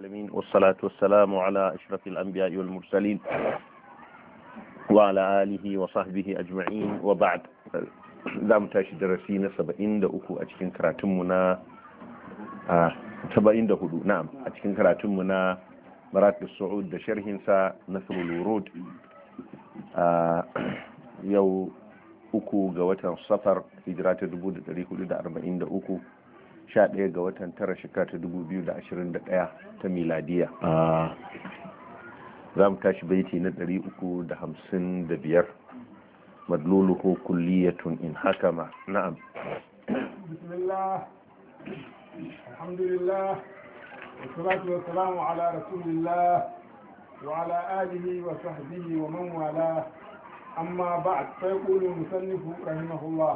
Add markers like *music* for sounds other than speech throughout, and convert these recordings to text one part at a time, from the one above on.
العالمين والصلاة والسلام على أشرف الأنبياء والمرسلين وعلى آله وصحبه أجمعين وبعد za mu tashi darasi na uku a cikin karatunmu na 74 na'am a cikin karatunmu na marat su'ud da sharhinsa na a yau uku ga watan safar hijira ta uku. 11 ga watan tara shekara ta 2021 ta miladiya ah. za mu tashi baiti na 355 madluluhu kulliyatun in hakama na'am وعلى آله وصحبه ومن ala أما بعد فيقول alihi رحمه الله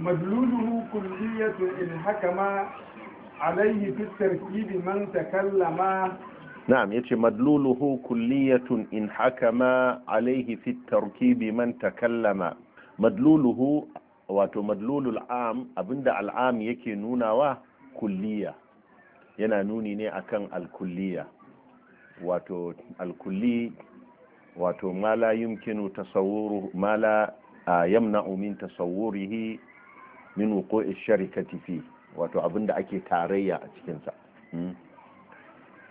مدلوله كلية إن حكم عليه في التركيب من تكلم نعم يتي مدلوله كلية إن حكم عليه في التركيب من تكلم مدلوله wato madlulul am abinda al'am yake nunawa kulliya yana nuni ne akan alkulliya wato alkulli wato ma la yumkinu tasawwuru ma la yamna'u min tasawwurihi min wuqu'i sharikati fi wato abinda ake tarayya a cikin sa hmm?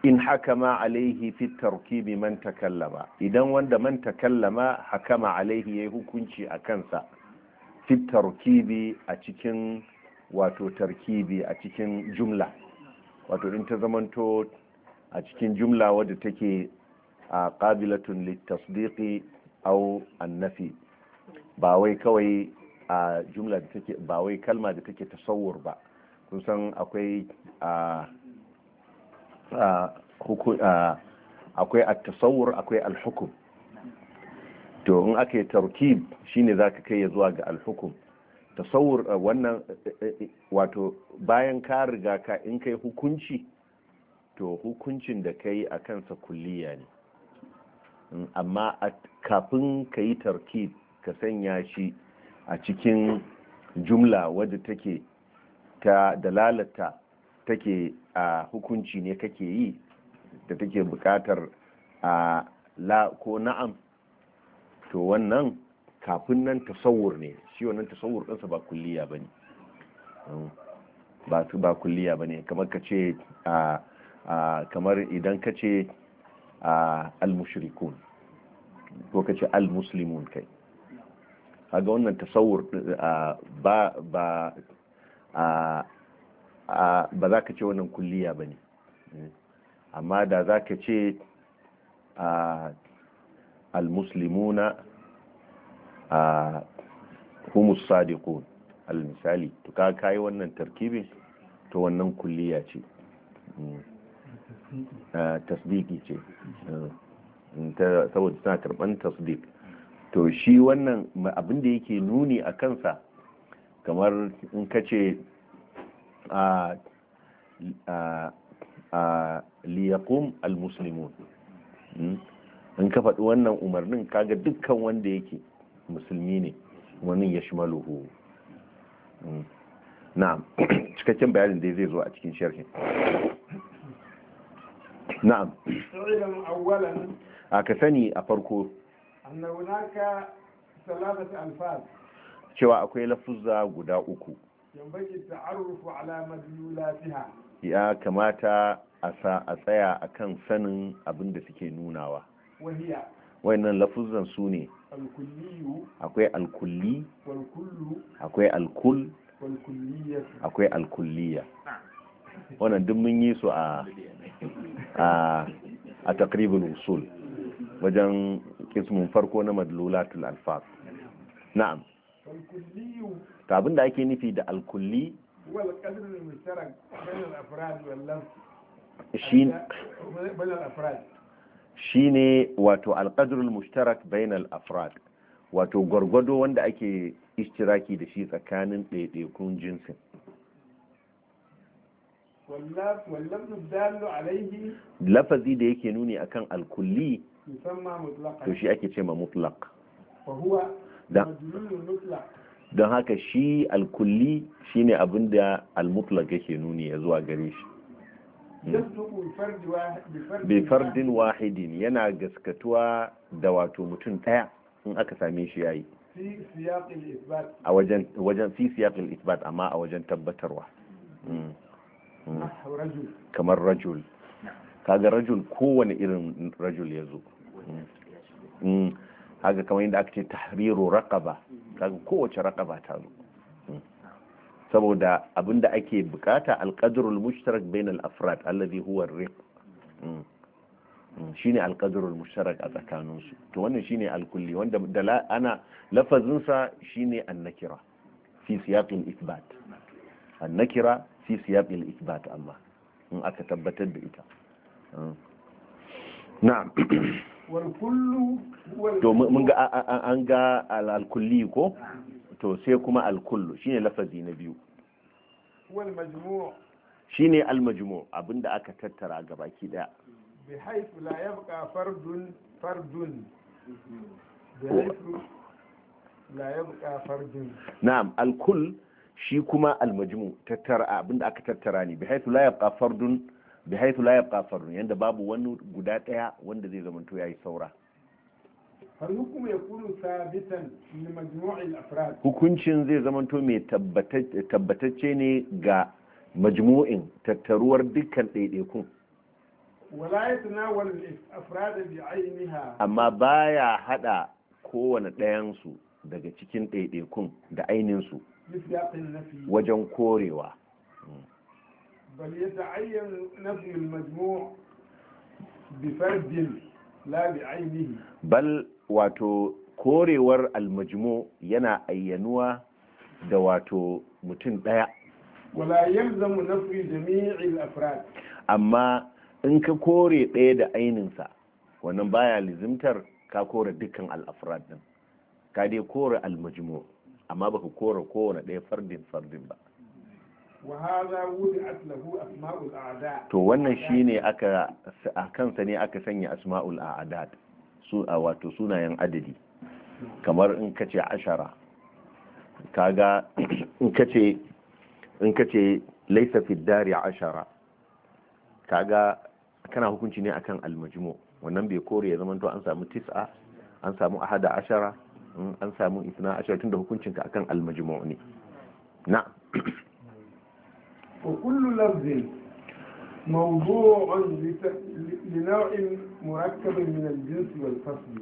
in hakama alaihi fi tarkibi man takallama idan wanda man takallama hakama alaihi yayi hukunci a kansa fi tarkibi a cikin wato tarkibi a cikin jumla wato in ta zamanto a cikin jumla wadda take a qabilatun litasdiqi aw annafi ba wai kawai a jumla da take ba wai kalma da take tasawur ba kun san akwai a akwai at-tasawur akwai al-hukm to in aka yi tarkib shine zaka kai ya zuwa ga al tasawur wannan wato bayan ka riga ka in kai hukunci to hukuncin da kai a kansa kulliya ne amma kafin ka yi tarkib ka sanya shi a cikin jumla wadda take ta dalalata take a hukunci ne kake yi da take bukatar a la ko na'am to wannan kafin nan tasawur ne shi wannan tasawur ɗansa ba kulliya ba ne hmm. ba su ba kulliya ba ne kamar ka ce kamar idan ka ce al-mushrikun ko ka ce al-muslimun kai kaga wannan tasawur ba ba ba za ka ce wannan kulliya ba ne amma da za ka ce al-muslimuna humus sadiqun al-misali to ka kai wannan tarkibin to wannan kulliya ce tasdiki ce saboda suna karban tasdik to shi wannan abin da yake nuni a kansa kamar in ka ce a liyakun almuslimun hmm? in ka faɗi wannan umarnin kaga dukkan wanda yake musulmi ne wani ya shi maluhu hmm? na'am *coughs* cikakken bayanin da zai zo a cikin sharhin na'am a ka sani a farko cewa akwai lafuzza guda uku ya kamata a tsaya a kan sanin abin da suke nunawa nan lafuzzan su ne akwai alkulli akwai alkul akwai alkulliya wannan duk mun yi su a a takribul usul wajen ismin farko na madlulatul alfaz na'am ta abin da ake nufi da alkulli shi ne wato alƙadurul mushtarak bainal afrad wato gwargwado wanda ake ishtiraki da shi tsakanin ɗaiɗaikun jinsin lafazi da yake nuni akan alkulli to shi ake ce ma mutlaq don haka shi alkulli shine abin da almutlaq yake nuni ya zuwa gare shi bi fardin wahidin yana gaskatuwa da wato mutum ɗaya in aka same shi yayi a wajen wajen fi siyakil isbat amma a wajen tabbatarwa kamar rajul kaga rajul kowane irin rajul ya zo haka mm. mm. kamar yadda aka ce tahriru raqaba kaga kowace raqaba ta zo mm. saboda abinda ake bukata alqadrul mushtarak bainal afrad alladhi huwa ar-riq shine alqadrul mushtarak a tsakanin su to wannan shine alkulli wanda da ana lafazin sa shine annakira fi siyaqil ithbat annakira fi siyaqil ithbat amma in aka tabbatar da ita na'am *coughs* to mun ga an ga alkulli ko to sai kuma alkullu shine lafazi na biyu shine almajmu abinda aka tattara gaba ki daya bi haifu la yabqa fardun fardun bi haifu la yabqa fardun na'am alkull shi kuma almajmu tattara abinda aka tattara ne bi haifu la yabqa fardun bi haythu la yabqa farun yanda babu wani guda daya wanda zai to yayi saura فالحكم hukuncin zai to mai tabbatacce ne ga majmu'in tattaruwar dukkan ɗaiɗaikun wala yatanawal al-afrad bi'ayniha amma baya hada kowane ɗayan su daga cikin ɗaiɗaikun da ainin su wajen korewa hmm. بل يتعين نفي المجموع بفرد لا بعينه بل واتو korewar almajmu yana ayyanuwa da wato mutum ɗaya. wala yalzamu nafi jami'il afrad amma in ka kore ɗaya da wannan baya lizimtar ka kore dukkan al'afrad din ka dai kore almajmu amma baka kore kowane ɗaya fardin fardin ba to wannan shi aka a kansa ne aka sanya asma'ul a'adad su a wato sunayen adadi kamar in ka ce ashara ga in ka in kace laysa fi dari ashara ga kana hukunci ne akan almajimo wannan bai kore ya zama to an samu tis'a an samu ahada ashara hmm, an samu isna ashara da hukuncinka akan almajimo ne na وكل لفظ موضوع لنوع مركب من الجنس والفصل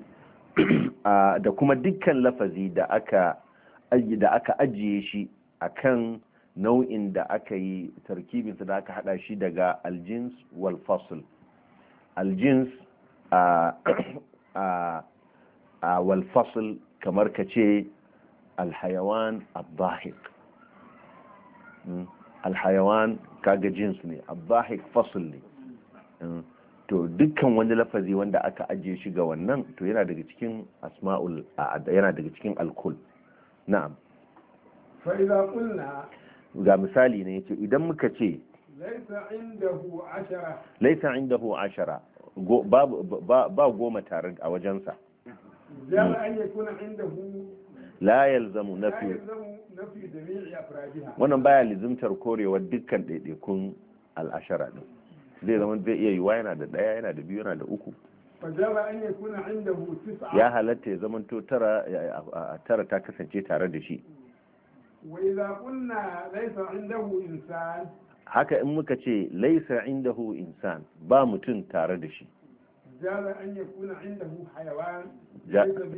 da kuma dukkan lafazi da aka da aka ajiye shi akan nau'in da aka yi tarkibin da aka hada shi daga aljins wal fasl aljins wal fasl kamar ka ce alhayawan abdahik alhayawan kaga jins ne abahik fasul ne to dukkan wani lafazi wanda aka ajiye shi ga wannan to yana daga cikin asma'ul yana daga cikin alkul na'am fa idza qulna ga misali ne yace idan muka ce laisa indahu ashara laisa indahu ashara ba goma tare a wajensa dama an yakuna indahu la yalzamu nafi wannan baya lizimtar korewa dukkan ɗaiɗaikun al'ashara din zai zama zai iya yiwa yana da ɗaya yana da biyu yana da uku ya halatta ya zama to tara ta kasance tare da shi haka in muka ce laisa indahu insan ba mutum tare da shi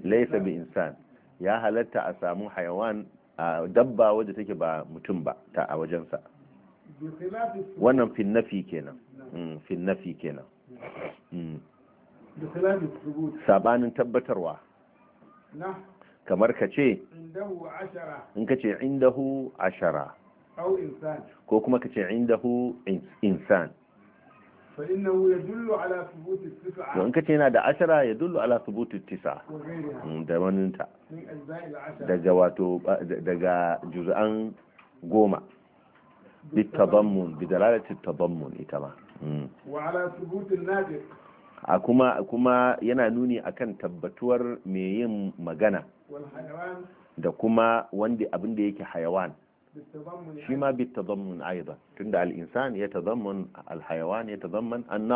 laisa bi insan ya halatta a samu hayawan a dabba wadda take ba mutum ba ta a wajensa wannan finnafi kenan mm, finnafi kenan mm. sabanin tabbatarwa kamar ka ce in ka ce indahu ashara ko kuma ka ce indahu insan don kace yana da ashara ya dullu ala tisa mm, da daga wato goma bitabammun bidalalati tabammun ita ma mm. wa ala thubuti nadir a kuma yana nuni akan tabbatuwar mai yin magana da kuma wanda abin da yake hayawan shi ma bit tazammun aidan tunda al-insan ya tazammun al ya tazammun an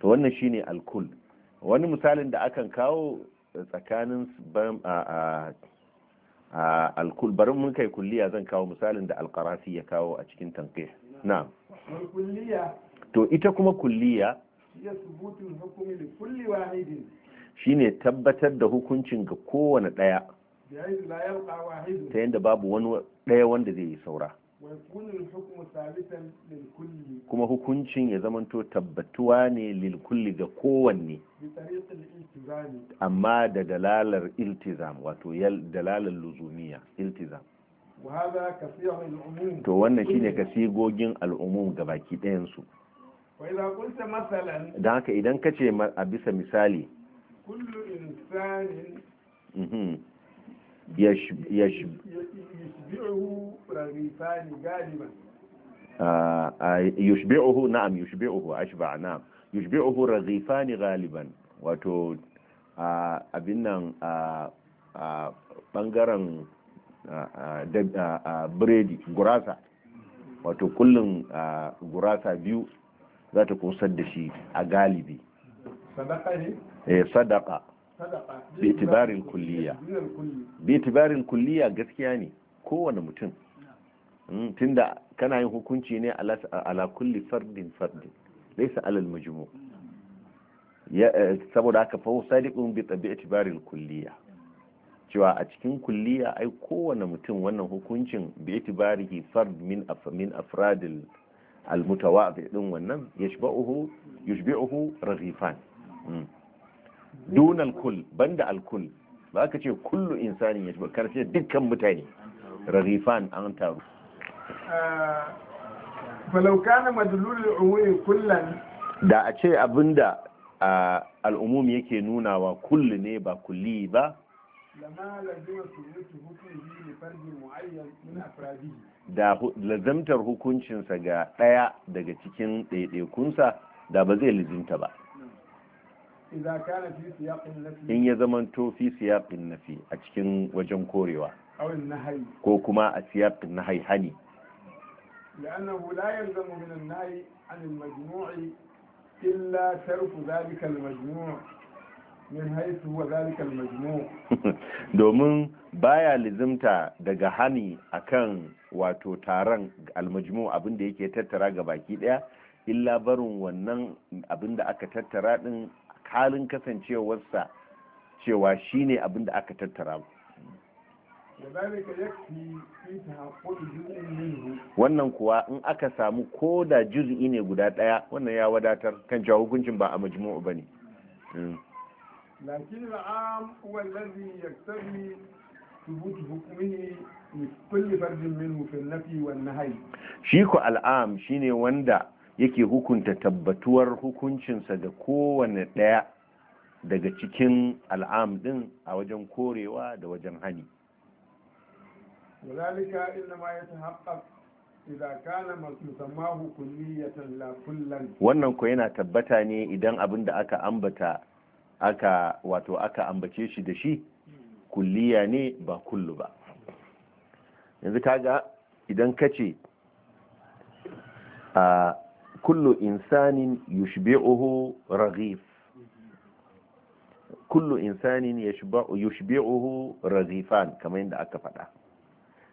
to wannan shine al wani misalin da akan kawo tsakanin alkul, bari mun kai kulliya zan kawo misalin da al ya kawo a cikin tanqih na'am to ita kuma kulliya shine tabbatar da hukuncin ga kowane ɗaya. ta yadda babu wani ɗaya wanda zai yi saura kuma hukuncin ya zamanto tabbatuwa ne lilkulli ga kowanne amma da dalalar iltizam wato dalalar luzumiya iltizam to wannan shine ka sigogin al'umum ga baki ɗayansu don haka idan ka ce a bisa misali yushbi'uhu na'am yushbi'uhu ashba na'am yushbi'uhu raghifani galiban wato abin nan bangaren biredi gurasa wato kullum gurasa biyu za ta kusar da shi a galibi sadaka bitibarin kulliya bitibarin kulliya gaskiya ne kowane mutum hmm, tunda kana yin hukunci ne ala kulli fardin fardin laisa alal majmu eh, saboda haka fa sadiqun bi tabi'atibarin kulliya cewa a cikin kulliya ai kowane mutum wannan hukuncin bi itibarihi fard min min afradil almutawadi din wannan yashba'uhu yushbi'uhu raghifan hmm. dunan kul banda alkul ba ka ce kullu insani ya shiga ce dukkan mutane rarifan an taru falau kana umuri kullan da a ce abinda al'umum yake nuna wa kullu ne ba kulli ba da lazamtar hukuncinsa ga ɗaya daga cikin ɗaiɗaikunsa da ba zai lizinta ba in ya zama to fi na nafi a cikin wajen korewa ko kuma a siyaƙin na haihani لأنه لا يلزم من النهي عن المجموع إلا ترك domin baya lizimta daga hani akan wato taron almajmu abin da yake tattara ga baki daya illa barin wannan abin da aka tattara din halin kasancewarsa cewa shine abin da aka tattara wannan kuwa in aka samu ko da juz'i ne guda ɗaya wannan ya wadatar kan cewa hukuncin ba a majmu'u ba ne hmm. lakin al'am kulli fardin nafi shi ko al'am shine wanda yake hukunta tabbatuwar hukuncinsa da kowane ɗaya daga cikin al'am ɗin a wajen korewa da wajen hani walalika inna ma ya tahaqqaq idza kana masamahu kulliyatan la kullan wannan ko yana tabbata ne idan abin da aka ambata aka wato aka ambace shi da shi kulliya ne ba kullu ba yanzu kaga idan kace a kullu insanin yushbi'uhu raghif kullu insanin yushbi'uhu kamar yadda aka faɗa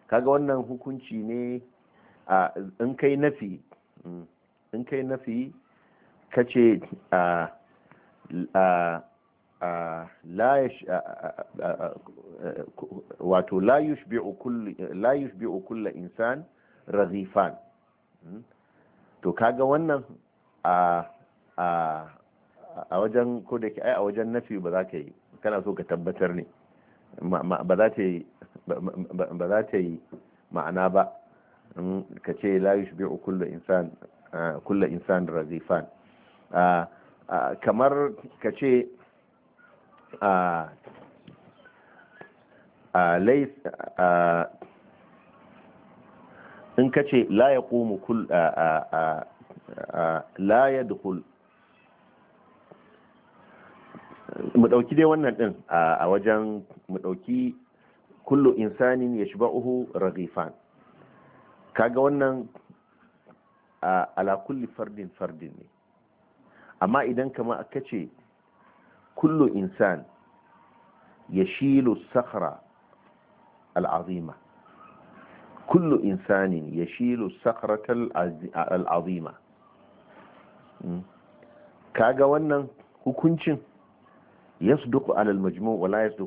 kaga wannan hukunci ne a in kai nafi mm, in kai nafi kace a a wato la yushbi'u kullu la insan raghifan mm. to kaga wannan a a a wajen ko da ke ai a wajen nafi ba za ka yi kana so ka tabbatar ne ba za ta yi ba za ta yi ma'ana ba hmm, ka ce la yushbi'u kullu insan kullu insan razifan kamar ka ce a in ka ce la ya ƙomu kul la ya dukul mu ɗauki dai wannan ɗin a wajen mu ɗauki kullu insanin ya shiba uhu ragifan kaga wannan ala kulli fardin fardin ne amma idan kama aka ce kullu insan ya shilu sakra al'azima كل insanin ya الصخرة العظيمة كاغا kaga wannan hukuncin ya su duku alal majmu wala ya su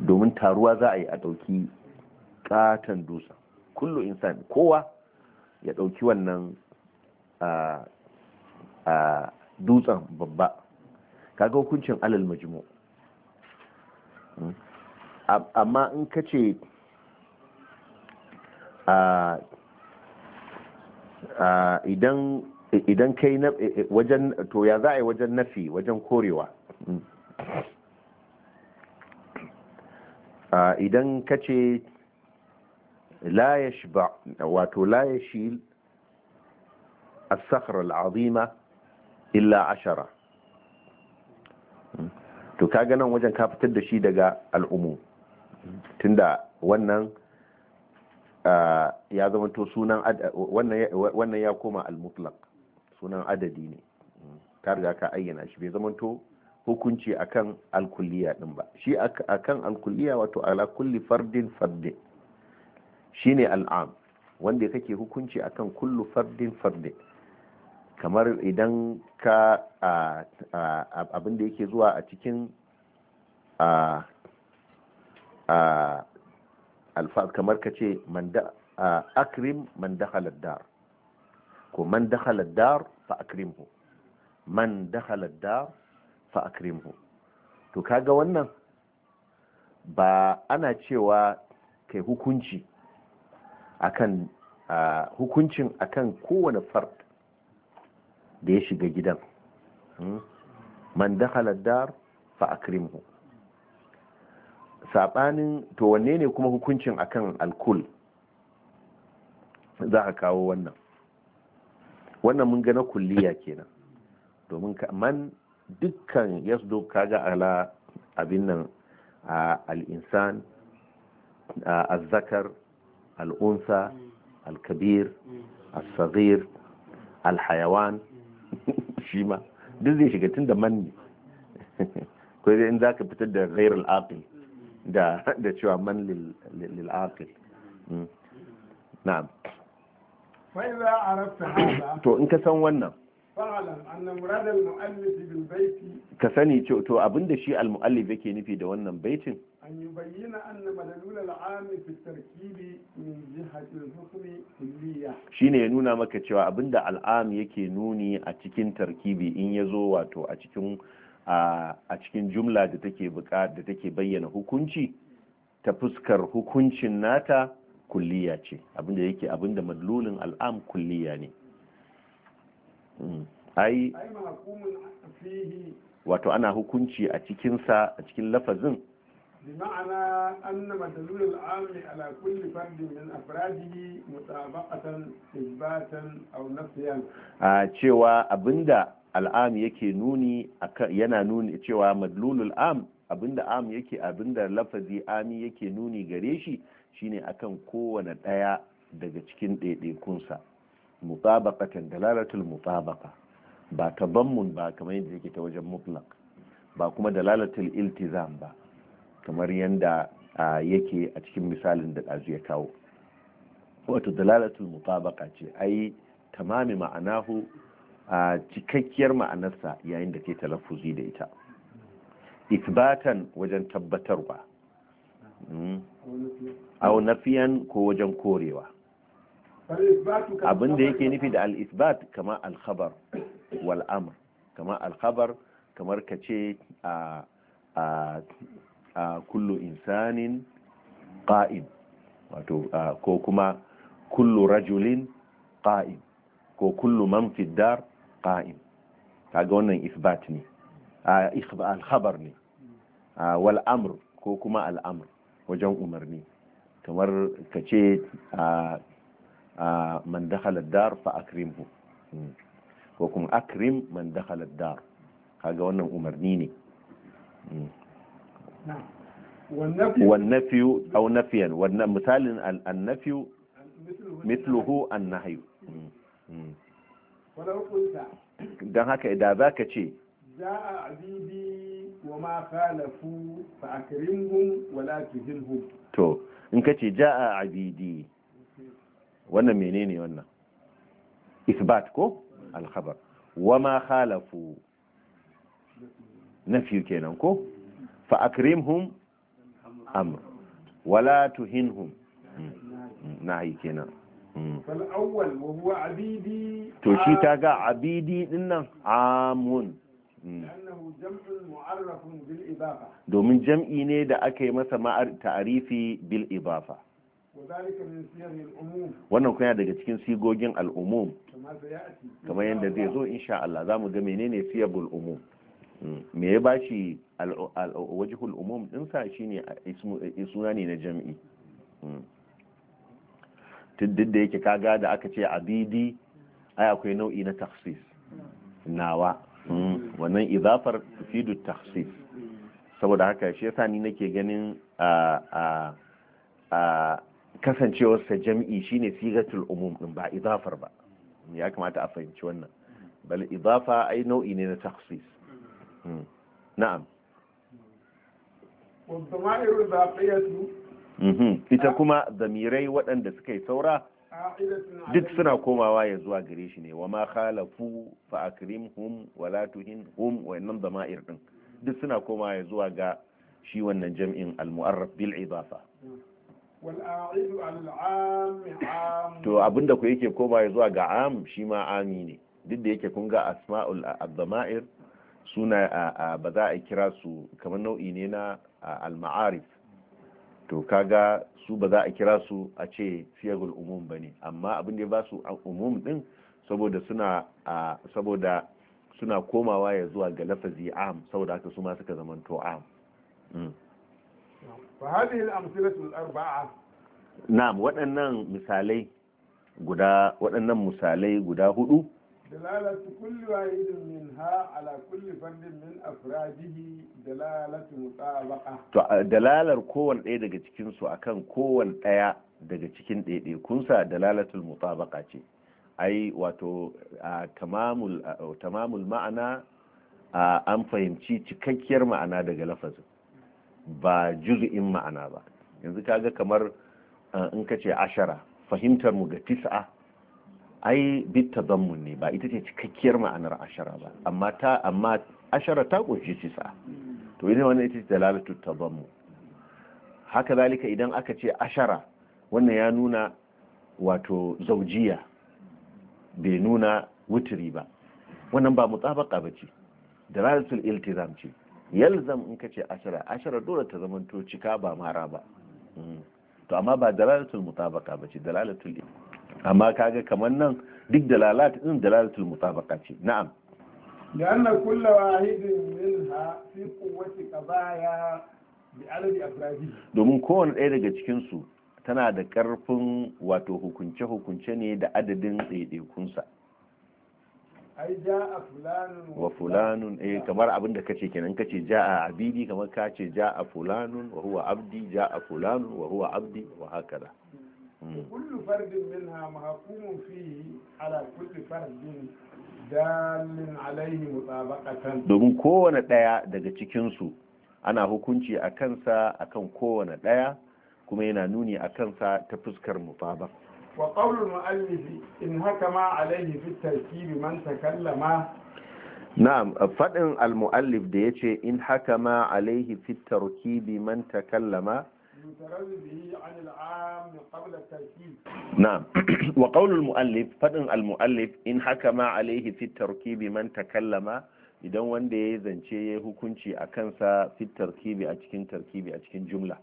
domin taruwa za a yi a ɗauki ƙaton dusa kullu insani kowa ya ɗauki wannan dutsen babba kaga hukuncin alal majmu amma in ka ce idan kai e, e, wajen to ya za a yi wajen nafi wajen korewa mm. idan ka ce layash ba wato layashi a shi الصخرة illa ashara, mm. to ka ganin wajen ka fitar da shi daga al'umu mm. tunda wannan ya zama to sunan wannan ya koma al-mutlaq sunan adadi ne Ta riga ka ayyana shi bai zama to hukunci akan al-kulliya din ba shi akan al-kulliya wato ala kulli fardin fardin shine al'am wanda kake hukunci akan kullu fardin fardin kamar idan ka abin yake zuwa a cikin a alfaz kamar ka ce akrim man dakhala dar ko man dakhala dar fa akrimhu man dakhala dar fa akrimhu to kaga wannan ba ana cewa kai hukunci akan hukuncin akan kowane fard da ya shiga gidan hmm? man dakhala dar fa akrimhu saɓanin to wanne ne kuma hukuncin akan alkul za a kawo wannan wannan mun gana kulliya kenan domin man dukkan yasdo kaga ala abin nan al'insan azzakar al'unsa alkabir kabir alhayawan *laughs* shi ma duk zai shiga tun da man ne *laughs* ko in za ka fitar da ghairul aqil da *laughs* da cewa man lil aqil hmm. na'am fa idza arafta hada to in ka san wannan ka sani ce to abinda shi al-mu'allif yake nufi da wannan baitin an yubayyana anna madalul al-am fi tarkibi min jihati al-hukm kulliya shine ya nuna maka cewa abinda al-am yake nuni a cikin tarkibi in yazo wato a cikin a cikin jumla da take da take bayyana hukunci ta fuskar hukuncin nata kulliya ce abinda yake abinda madlulin al'am kulliya ne hmm. ai wato ana hukunci a cikinsa a cikin lafazin بمعنى أن مدلول العام على كل فرد من أفراده مطابقة إثباتا أو نفيا. آه شوى أبندا al'am yake nuni yana nuni cewa madlulul am abinda am yake abinda lafazi ami yake nuni gare shi shine akan kowane ɗaya daga cikin ɗaiɗaikunsa mutabaqatan dalalatul mutabaqa ba tabammun ba kamar yadda yake ta wajen mutlaq ba kuma dalalatul iltizam ba kamar yadda yake a cikin misalin da ɗazu ya kawo wato dalalatul mutabaqa ce ai tamami ma'anahu a cikakkiyar ma'anarsa yayin da ke talaffuzi da ita isbatan wajen tabbatarwa hmm? au nafiyan ko wajen korewa abin da yake nufi da al-isbat kama al-khabar wal amr kama al-khabar kamar ka ce a kullu insanin ƙa'in wato ko kuma kullu rajulin ƙa'in ko kullu manfiddar qa'im kaga wannan isbat ne A al-khabar ne wal amr ko kuma al amr wajen umarni kamar ka ce man dakhala dar fa akrimhu ko kuma akrim man dakhala dar kaga wannan umarni ne والنفي أو نفيا مثال النفي مثله النهي don haka da za ka ce za a abibi wa ma khalafu fa akrimhum wa la tuzilhum to in ka ce za a abidi wannan menene wannan isbat ko alkhabar wa ma khalafu nafi kenan ko fa akrimhum amr wala tuhinhum hmm, hmm, hmm, nahi kenan Mm. to shi ta ga abidi dinnan amun mm. domin jam'i ne da aka yi masa ta'arifi bil ibafa wannan kuna daga cikin sigogin al'umum kamar yadda zai zo insha Allah za mu ga menene siyabul umum mm. me ya ba shi wajihul umum shi ne eh, suna ne na jam'i duk da yake kaga da aka ce abidi ai akwai nau'i na taksis nawa hmm. wannan izafar tufidu taksis saboda haka shi yasa ni nake ganin a kasancewarsa jam'i shine sigatul umum din ba izafar ba ya kamata a fahimci wannan bal izafa, ai nau'i ne na taksis hmm. na'am والضمائر الباقية Mhm. ita ah. kuma zamirai waɗanda suka yi saura duk suna komawa ya zuwa gare shi ne wa ma khalafu fa hum wa la hum wa innam dama'ir din duk suna komawa ya zuwa ga shi wannan jam'in al-mu'arraf bil idafa to abinda ku yake komawa ya zuwa ga am shi ma ami ne duk da yake kun ga asma'ul ad suna ba za a kira su kamar nau'i ne na al-ma'arif to kaga su ba za a kira su a ce siyagul umum ba ne amma abin da ya ba su umum din saboda suna saboda suna komawa ya zuwa ga lafazi am saboda haka su ma suka zamanto am mm. Na waɗannan misalai guda waɗannan misalai guda hudu دلالة كل واحد منها على كل فرد من أفراده دلالة مطابقة دلالة كون إيه دقى تكين سو أكان كون إيه دقى تكين إيه دي كنسا دلالة المطابقة تي أي واتو تمام تمام المعنى an fahimci cikakkiyar ma'ana daga lafazin ba juz'in ma'ana ba yanzu kaga kamar in ka ce ashara fahimtar mu ga ai bitta zanmu ne ba ita ce cikakkiyar ma'anar ashara ba amma ta amma ashara ta kunshi tisa to idan wannan ita ce dalalatu tazammu haka zalika idan aka ce ashara wannan ya nuna wato zaujiya bai nuna wuturi ba wannan ba mutabaka ba ce dalalatu iltizam ce yalzam in ka ce ashara ashara dole ta zamanto cika ba mara ba hmm. to amma ba dalalatu mutabaka ba ce dalalatu iltizam amma kaga kamar nan duk da lalata din dalalatul mutabaqa ce na'am لأن wahidin minha fi quwwati قوة bi alabi أفراده domin kowane ɗaya daga cikinsu tana da ƙarfin wato hukunce-hukunce ne da adadin ɗaiɗaikunsa ai ja'a fulanun wa fulanun eh kamar abin da kace kenan kace ja'a abidi kamar kace ja'a fulanun wa huwa abdi ja'a fulanun wa huwa abdi wa hakala kullu fardin minha mahkumun fihi ala kulli fardin dalin alaihi mutabaqatan domin kowane daya daga cikinsu, ana hukunci a kansa akan kowane daya kuma yana nuni a kansa ta fuskar mutabaq wa qawlu al-mu'allif in hakama alaihi fi tarkibi man takallama na'am fadin al-mu'allif da yace in hakama alaihi fi tarkibi man takallama نعم *clears throat* وقول المؤلف فدن المؤلف إن حكم عليه في التركيب من تكلم idan wanda ya zance ya hukunci a kansa fit tarkibi a cikin tarkibi a cikin jumla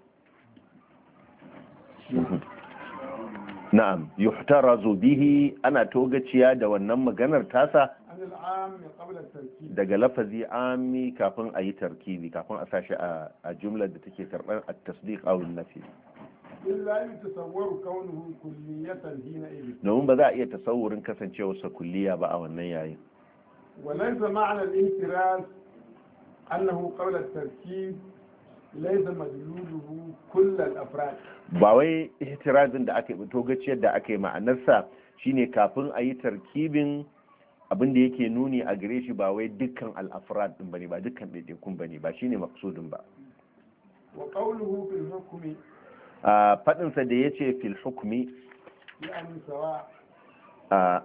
na'am yuhtarazu bihi ana togaciya da wannan maganar tasa daga lafazi ami kafin a yi tarkibi kafin a sashi a jumlar da take karɓar a tasdiq aw nafi domin ba za a iya tasawurin kasancewarsa kulliya ba a wannan yayin وليس معنى الانتراز أنه قول التركيب ليس مدلوله كل الأفراد باوي احترازin da aka yi togaciyar da aka yi ma'anarsa shine kafin a yi tarkibin abin da yake nuni a gare shi ba wai dukkan al'afirat din bane ba dukkan ɗaiɗaikun bane ba shine maksudin ba wa qawluhu fil hukmi a fadin sa da yace fil hukmi yani sawa a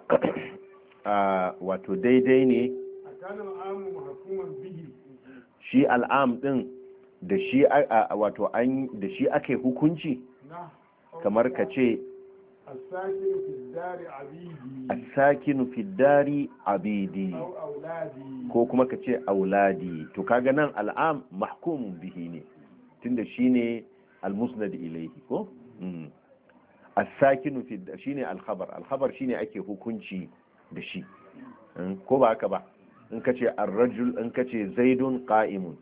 a wato daidai ne kana amu hukuman bihi shi al'am din da shi wato an da shi ake hukunci kamar ka ce as fidari abidi ko kuma ka ce auladi to kaga nan al'am mahkumun bihi ne tunda shine al-musnad ilayhi ko as-sakinu shine shine ake hukunci da shi ko ba haka ba in kace ar-rajul in zaidun qa'imun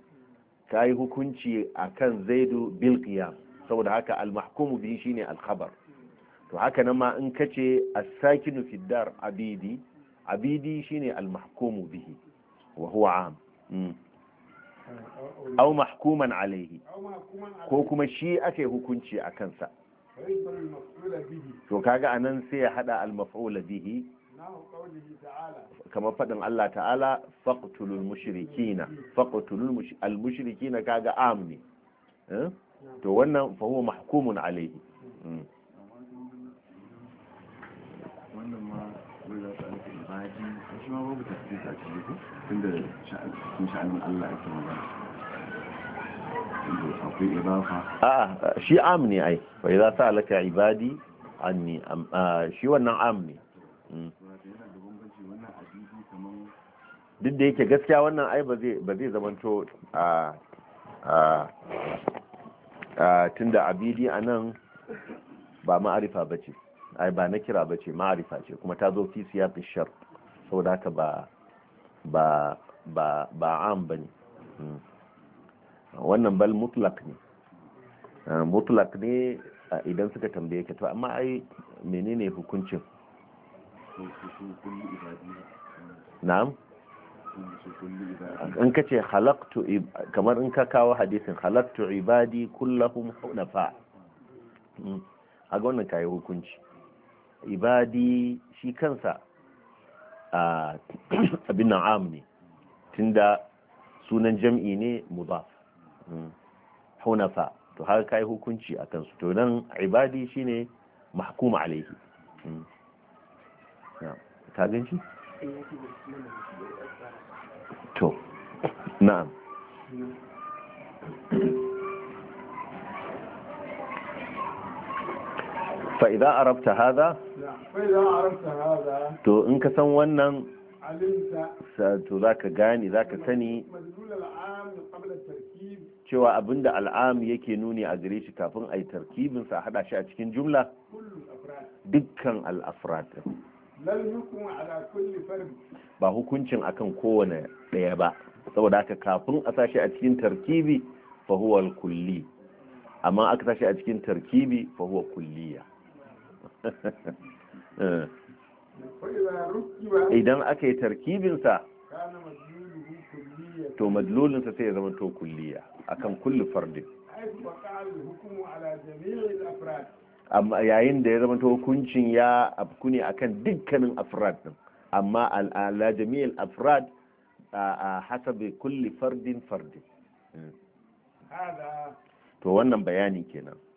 kai hukunci akan zaidu bil qiyam saboda haka al bihi shine al to haka nan ma in kace as-sakinu fi dar abidi abidi shine al-mahkumu bihi wa huwa am mm. Au mahkuman alaihi ko kuma shi ake hukunci a kansa to kaga anan sai ya hada al bihi kamar faɗin Allah ta'ala faqtulul mushrikina faqtulul almushrikina, mushrikina kaga am ne eh? to wannan fa huwa mahkumun alaihi mm. shi ma babu a cikin ku cikin sha'anin Allah ake magana a'a shi am ne ai za ta alaka ibadi anni shi wannan am ne hmm. duk da yake gaskiya wannan ai ba zai zama to zamanto a a da abidi nan ba ma'arifa ce ai ba na kira ba ce ma'arifa ce kuma ta zo fi fi shar saboda haka ba ba ba ba am bane wannan bal mutlak ne mutlak ne idan suka tambaye ka to amma ai menene hukuncin na'am in ka ce halaktu kamar in ka kawo hadisin halaktu ibadi kullahum hunafa hmm. a ga wannan kayi hukunci ibadi shi kansa *clears throat* abin nan ne tunda sunan jam'i ne mudaf hmm. hunafa to haka kai hukunci a kansu to nan ibadi shine mahkum alaihi hmm. ka ganci to na'am فإذا *clears throat* هذا to in ka san wannan to za ka gane za ka sani cewa abinda al'am yake nuni a gare shi kafin a yi tarkibinsa a hada shi a cikin jumla dukkan al'afrat ba hukuncin akan kowane ɗaya ba saboda haka kafin a sashi a cikin tarkibi fahuwar kulli amma aka sashi a cikin tarkibi fahuwar kulliya *laughs* Eh. idan aka yi tarkibinsa to madlulinsa sai ya zama to kulliya akan kulli fardin amma yayin da ya zama to hukuncin ya abu ne akan dukkanin afrad din amma ala jami'il afrad a bai kulli fardin fardin hmm. to wannan bayani kenan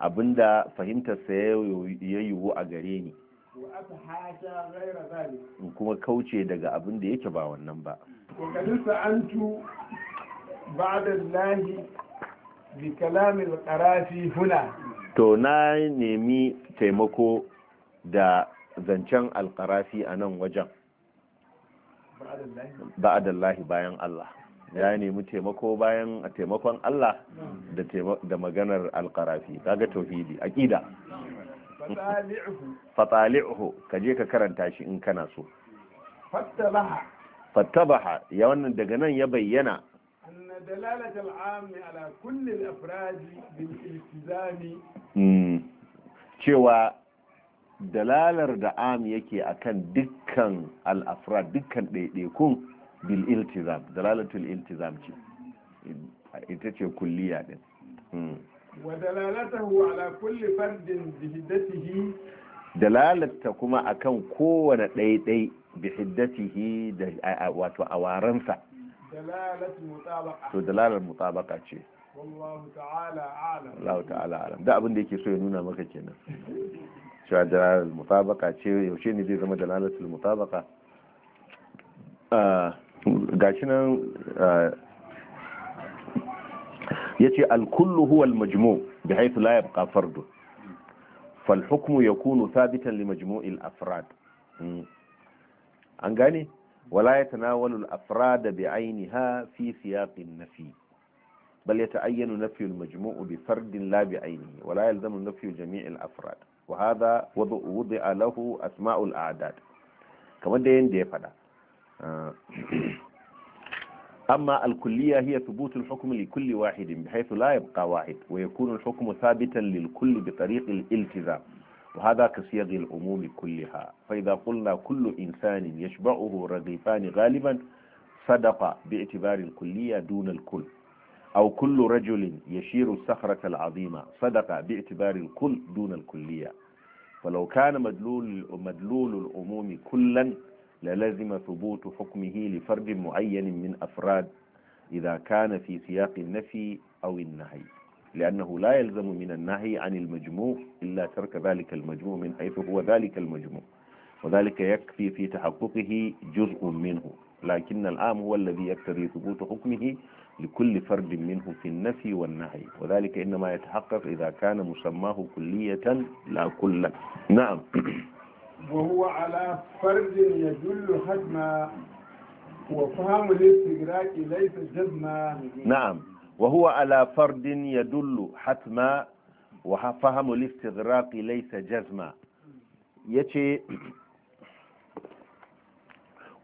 abinda fahimtarsa ya yiwu a gare ni kuma kauce daga abin da yake ba wannan ba to na nemi taimako da zancen alkarafi a nan wajen Ba'adallahi bayan Allah ya nemi taimako bayan a taimakon Allah da maganar alkarafi kaga tauhidi aqida fatali'uhu ka je ka karanta shi in kana so fattabaha ya wannan daga nan ya bayyana hmm. cewa dalalar da am yake akan dukkan al'afra dukkan ɗaiɗaikun bil iltizam dalalatul iltizam ce ita ce kulliya din hmm. wa dalalatahu ala kulli fardin bihiddatihi dalalata kuma akan kowane ɗaiɗai bihiddatihi da wato awaransa to dalalar mutabaka ce Allah ta'ala alam da abin da yake so ya nuna maka kenan cewa dalalar mutabaka ce yaushe ne zai zama dalalatul mutabaka ah, gashi nan yace al-kullu huwa al-majmu' bihaythu la yabqa fardu fal hukmu yakunu thabitan li majmu'il afrad an gane wala yatanawalu al-afrad bi'ayniha fi siyaqin nafi بل يتعين نفي المجموع بفرد لا بعينه ولا يلزم نفي جميع الأفراد وهذا وضع له أسماء الأعداد كما دين دي فدا آه. *clears throat* أما الكلية هي ثبوت الحكم لكل واحد بحيث لا يبقى واحد ويكون الحكم ثابتا للكل بطريق الالتزام وهذا كصيغ العموم كلها فإذا قلنا كل إنسان يشبعه رغيفان غالبا صدق باعتبار الكلية دون الكل أو كل رجل يشير الصخرة العظيمة صدق باعتبار الكل دون الكلية فلو كان مدلول, مدلول العموم كلا للزم ثبوت حكمه لفرد معين من أفراد إذا كان في سياق النفي أو النهي لأنه لا يلزم من النهي عن المجموع إلا ترك ذلك المجموع من حيث هو ذلك المجموع وذلك يكفي في تحققه جزء منه لكن العام هو الذي يقتضي ثبوت حكمه لكل فرد منه في النفي والنهي وذلك إنما يتحقق إذا كان مسماه كلية لا كلا نعم وهو على فرد يدل حتما وفهم الاستغراق ليس جزما نعم وهو على فرد يدل حتما وفهم الاستغراق ليس جزما يتي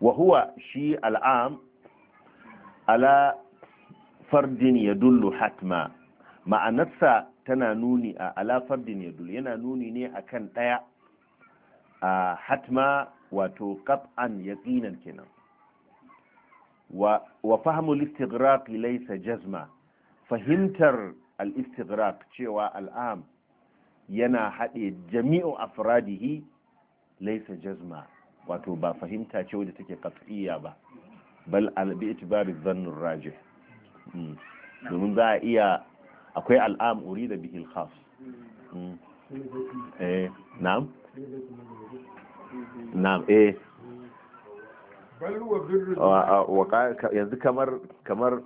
وهو شيء العام على فرد يدل حتما مع نفسه تنا نوني على فرد يدل ينا نوني ني akan a hatma wato ya yaqinan kenan wa fahmu laysa jazma fahimtar al-istighraq cewa al'am yana haɗe jami'u afradihi laysa jazma wato ba fahimta ce wadda take qat'iyya ba bal albi itibari Zannun rajih hmm. domin za a iya akwai al'am urida da al-khas hmm. eh na'am na'am eh yanzu kamar kamar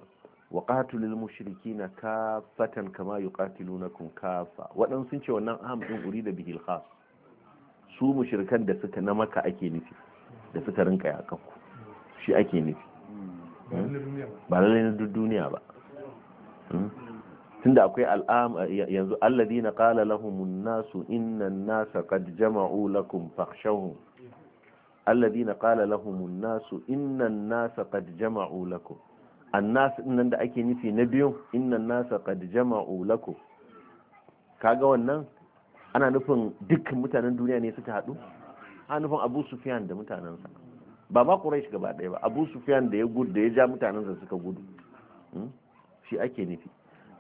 wa qatilul mushrikina kafatan kama yuqatilunakum kafa wadan sun ce wannan aham din wuri da bihil khas su mushrikan da suka na maka ake nufi da suka rinka yakan ku shi ake nufi hmm? ba lallai na duniya ba hmm? tunda akwai al'am yanzu alladina qala lahumun nasu innan nasa qad jama'u lakum fakhshawhum alladina qala lahumun nasu innan nasa qad jama'u lakum annas nan da ake nufi na biyu innan nasa qad jama'u lakum kaga wannan ana nufin dukkan mutanen duniya ne suka hadu ana nufin Abu Sufyan da mutanansa ba ma Quraysh gaba ɗaya ba Abu Sufyan da ya gudu da ya ja mutanansa suka gudu hmm? shi ake nufi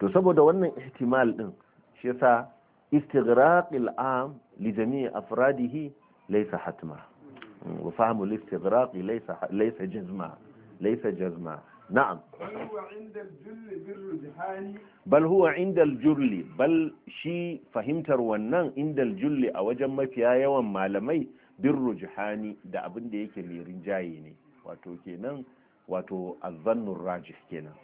to saboda wannan ihtimal din shi yasa istighraq am li jami' afradihi laysa hatma wa fahmu al-istighraq laysa laysa jazma laysa jazma na'am bal huwa inda al-jurli bal shi fahimtar wannan inda al a wajen mafiya yawan malamai bin rujhani da abin da yake mai rinjaye ne wato kenan wato azzannur rajih kenan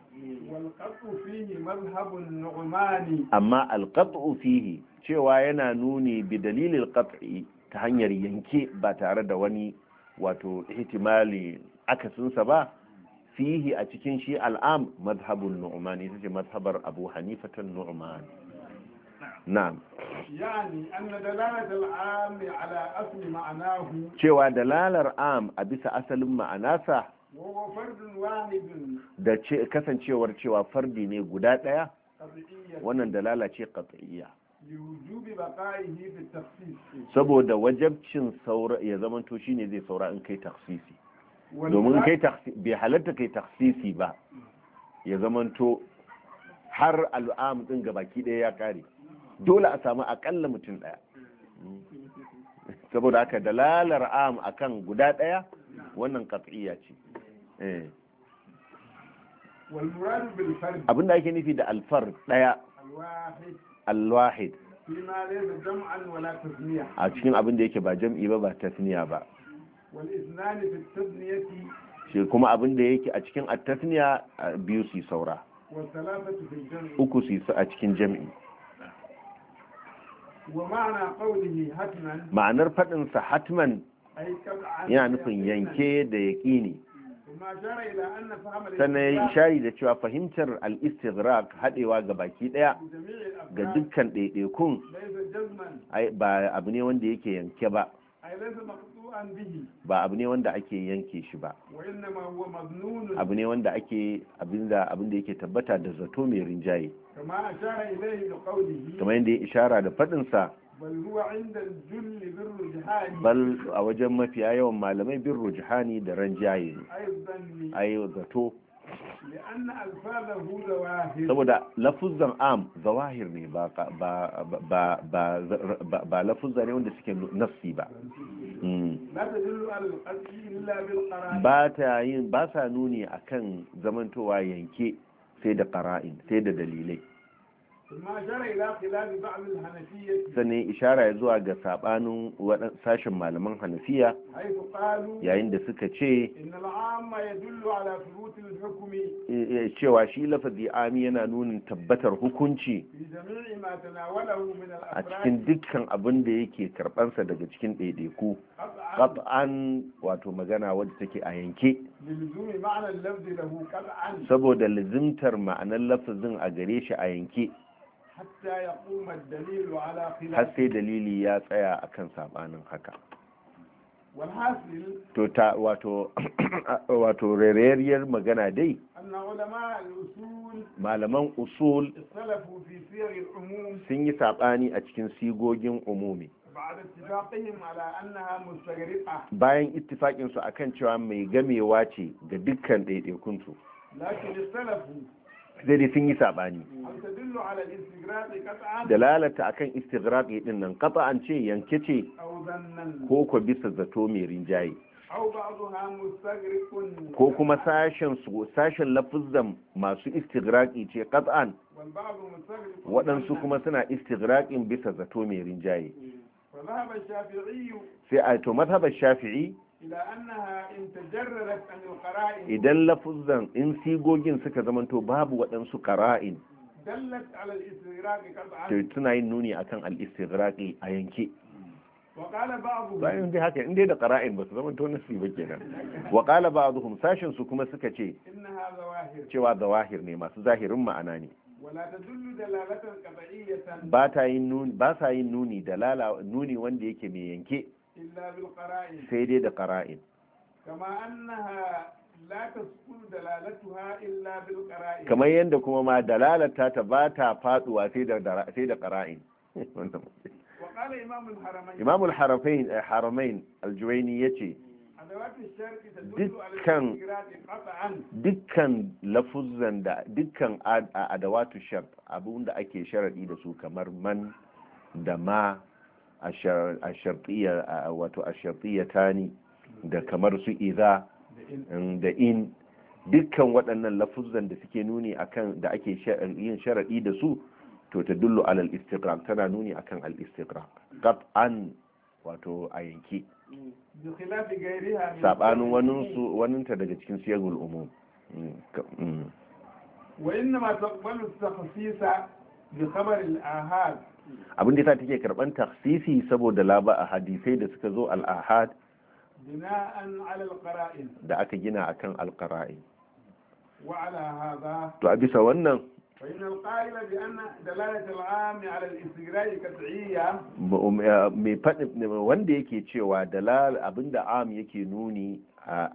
amma alƙat'u fihi cewa yana nuni bi dalilin ƙat'i ta hanyar yanke ba tare da wani wato ihtimali akasinsa ba fihi a cikin shi al'am mazhabun nu'man ita ce mazhabar abu hanifatan nu'man na'am yani anna dalalat al'am ala asli ma'anahu cewa dalalar am a bisa asalin ma'anasa da kasancewar cewa fardi ne guda ɗaya wannan da lalace qat'iyya saboda wajabcin saura ya zamanto ne zai saura in kai taksisi domin kai bai halatta kai taksisi ba ya zamanto har al'am din baki ɗaya ya kare dole a samu akalla mutum ɗaya saboda haka dalalar am akan guda ɗaya wannan qat'iyya ce Eh. abin da ake nufi da alfar daya alwahid a cikin abin da yake ba jam'i ba ba tasniya ba shi kuma abin da yake a cikin attasniya biyu su saura uku su a cikin jam'i ma'anar faɗinsa hatman yana nufin yanke da yaƙini sannan ya yi ishari da cewa fahimtar al-istighraq haɗewa ga baki ɗaya ga dukkan ɗaiɗaikun ba abu ne wanda yake yanke ba ba abu ne wanda ake yanke shi ba abu ne wanda ake abinda abinda yake tabbata da zato mai rinjaye kamar yadda ya ishara da faɗinsa bal a wajen mafiya yawan malamai bin rujhani da ranjaye ne a yi zato saboda lafuzan am zawahir ne ba ba lafuzza ne wanda suke nafsi ba ba ta yin ba sa nuni akan zamantowa yanke sai da qara'in sai da dalilai sannan ishara ya zuwa ga sabanin sashen malaman hanafiya yayin da suka ce cewa shi lafazi ami yana nunin tabbatar hukunci a cikin dukkan abin da yake karbansa daga cikin ɗaiɗaiku an wato magana wadda take a yanke saboda lizimtar ma'anar lafazin a gare shi a yanke har sai dalili ya tsaya a kan sabanin haka to ta wato *clears throat* wato rairayar magana dai malaman usul sun yi sabani a cikin sigogin umumi bayan ittifaƙin su akan cewa mai gamewa ce ga dukkan ɗaiɗaikun su sai dai sun yi saɓani da lalata a kan istighraq din nan ƙafa an ce yanke ce ko ku bisa zato mai rinjaye ko kuma sashen sashen masu istighraqi ce an waɗansu kuma suna istighraqin bisa zato mai rinjaye sai a to mazhabar shafi'i idan lafuzan in sigogin suka zamanto babu waɗansu ƙara'in to suna yin nuni akan al-istiraqi a yanke bayan dai haka inda da ƙara'in ba su zama to nasi ba kenan waƙala qala ba'dhum sashin su kuma suka ce cewa zawahir ne masu zahirin ma'ana ne ba ta yin nuni sa yin nuni dalala nuni wanda yake mai yanke sai dai da qara'in kama annaha kamar yanda kuma ma dalalata ta ba ta faduwa sai da sai da imam al-haramain imam al-haramain al-juwayni dukkan dukkan lafuzan da dukkan adawatu shart abun da ake sharadi da su kamar man da ma a wato a tani da kamar su iza da in dukkan waɗannan lafuzan da suke nuni akan da ake yin sharadi da su to ta dullu alal istiqra tana nuni akan al qat an wato a yanki sabanin waninsu waninta daga cikin siyagul umum mm, mm. wa inna ma taqbalu takhsisa bi khabar al ahad abin da ta take karban takhsisi saboda laba a hadisai da suka zo al ahad bina'an ala al qara'in da aka gina akan al qara'in to a bisa wannan فإن القائل بأن دلالة العام على الاستقرار قطعية wanda yake cewa dalal abinda am yake nuni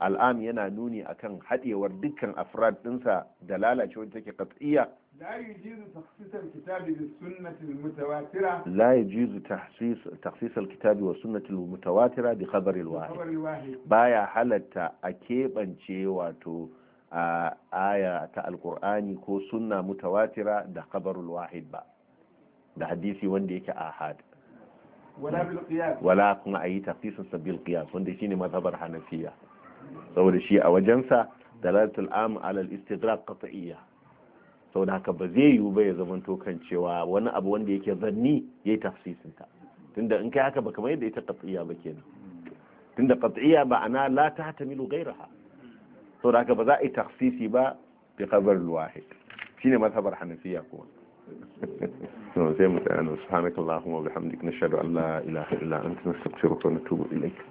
al'am yana nuni akan hadewar dukkan afrad dinsa dalala ce wanda take qat'iyya لا يجوز تخصيص الكتاب بالسنة المتواترة لا يجوز تخصيص تخصيص الكتاب والسنة المتواترة بخبر الواحد بخبر الواحد بايا حالة أكيبا شيء واتو a aya ta alkur'ani ko sunna mutawatira da khabarul wahid ba da hadisi wanda yake ahad wala kuma ayi yi tafisun sabil qiyas wanda shine mazhabar hanafiya saboda shi a wajensa dalalatul am ala al-istidraq qat'iyya saboda haka ba zai yiwu ba ya zamanto kan cewa wani abu wanda yake zanni yayi tafsisin ta tunda in kai haka ba kamar yadda ita qat'iyya ba kenan tunda qat'iyya ba ana la tahtamilu ghayraha sau da ba za a yi taksisi ba bi khabar wahid ne masabar hanafiya kuma *laughs* sai mutane su ne subhanakallahumma wa bihamdika na shaɗu allah ila illa anta nastaghfiruka wa natubu